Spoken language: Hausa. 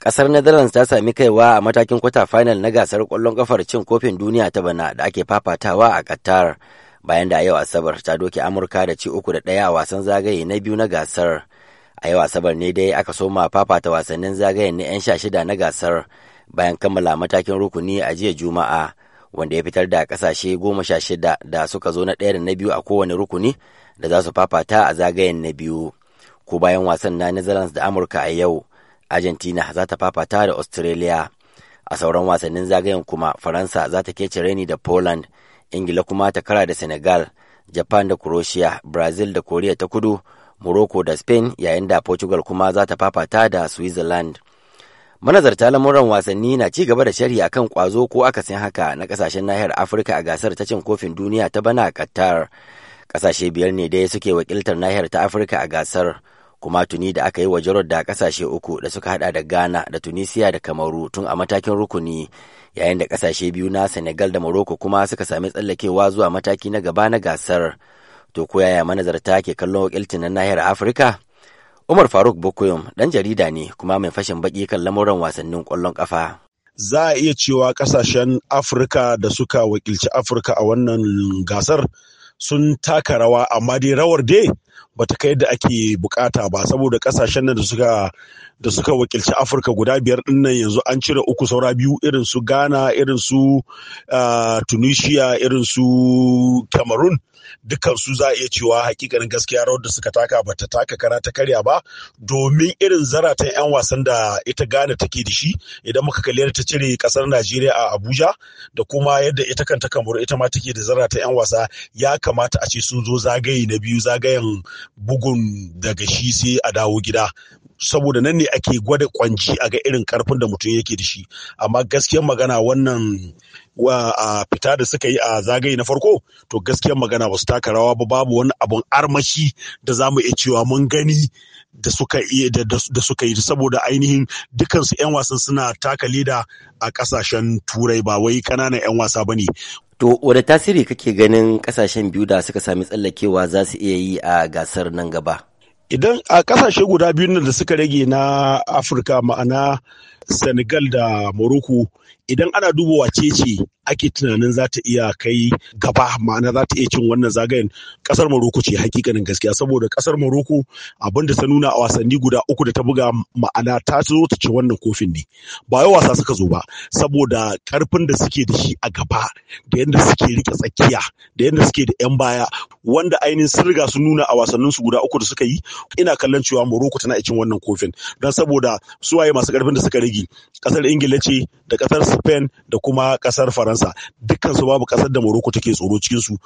Kasar Netherlands ta sami kaiwa a matakin kwata final na gasar kwallon kafar cin kofin duniya ta bana da ake fafatawa a Qatar. Bayan da a yau Asabar ta doke Amurka da ci uku da ɗaya a wasan zagaye na biyu na gasar. A yau Asabar ne dai aka soma fafata wasannin zagayen na 'yan sha shida na gasar bayan kammala matakin rukuni a jiya Juma'a. wanda ya fitar da kasashe goma sha shida da suka zo na ɗaya da na biyu a kowane rukuni da za su fafata a zagayen na biyu ko bayan wasan na netherlands da amurka a yau argentina za ta fafata da australia a sauran wasannin zagayen kuma faransa za ta kece reni da poland ingila kuma ta kara da senegal japan da croatia brazil da korea ta kudu morocco da spain yayin da portugal kuma za ta fafata da switzerland manazarta lamuran wasanni na ci gaba da sharhi akan kwazo ko akasin haka na kasashen nahiyar afirka a gasar ta cin kofin duniya ta bana a qatar kasashe biyar ne dai suke wakiltar nahiyar ta afirka a gasar kuma tuni da aka yi wa Jarrod da kasashe uku da suka hada da Ghana da Tunisia da Kamaru tun a matakin rukuni yayin da kasashe biyu na Senegal da Morocco kuma suka sami tsallakewa zuwa mataki na gaba na gasar. To ko yaya manazarta ke kallon wakilcin na nahiyar Afirka? Umar Faruk Bokoyom dan jarida ne kuma mai fashin baki kan lamuran wasannin kwallon kafa. Za a iya cewa kasashen Afirka da suka wakilci Afirka a wannan gasar sun taka rawa amma dai rawar dai bata kai da ake bukata ba saboda kasashen nan da suka wakilci afirka guda biyar din yanzu an cire uku saura biyu irin su ghana irin su ah, tunisia irin su cameroon dukkan su za a iya cewa hakikanin gaskiya rawar da suka taka ba ta taka kara ta karya ba domin irin zaratan 'yan wasan da ita Ghana take da shi idan muka kalli ta cire kasar Najeriya a Abuja da kuma yadda ita kanta kamar ita ma take da zaratan 'yan wasa ya kamata a ce sun zo zagaye na biyu zagayen bugun daga shi sai a dawo gida saboda nan ne ake gwada kwanci a ga irin karfin da mutum yake da shi amma gaskiyar magana wannan a fita da suka yi a zagaye na farko to gaskiyar magana ba su taka rawa ba babu wani abun armashi da za mu iya cewa mun gani da suka yi da suka yi saboda ainihin dukansu 'yan wasan suna taka leda a kasashen turai ba wai kananan 'yan wasa ba ne To, wadda tasiri kake ganin kasashen biyu da suka sami tsallakewa za su iya yi a gasar nan gaba? idan a kasashe guda biyu nan da suka rage na afirka ma'ana senegal da morocco idan ana duba wace ce ake tunanin za ta iya kai gaba ma'ana za ta iya cin wannan zagayen kasar Morocco ce hakikanin gaskiya saboda kasar maroko abin da ta nuna a wasanni guda uku da ta buga ma'ana ta zo ta ci wannan kofin ne ba wai wasa suka zo ba saboda karfin da suke da shi a gaba da yadda suke rike tsakiya da yadda suke da yan baya wanda ainihin sun riga sun nuna a wasannin su guda uku da suka yi ina kallon cewa maroko tana cin wannan kofin don saboda suwaye masu karfin da suka rage kasar Ingila ce da kasar Spain da kuma kasar Faransa dukkan su babu ƙasar da Morocco take tsoro cikin su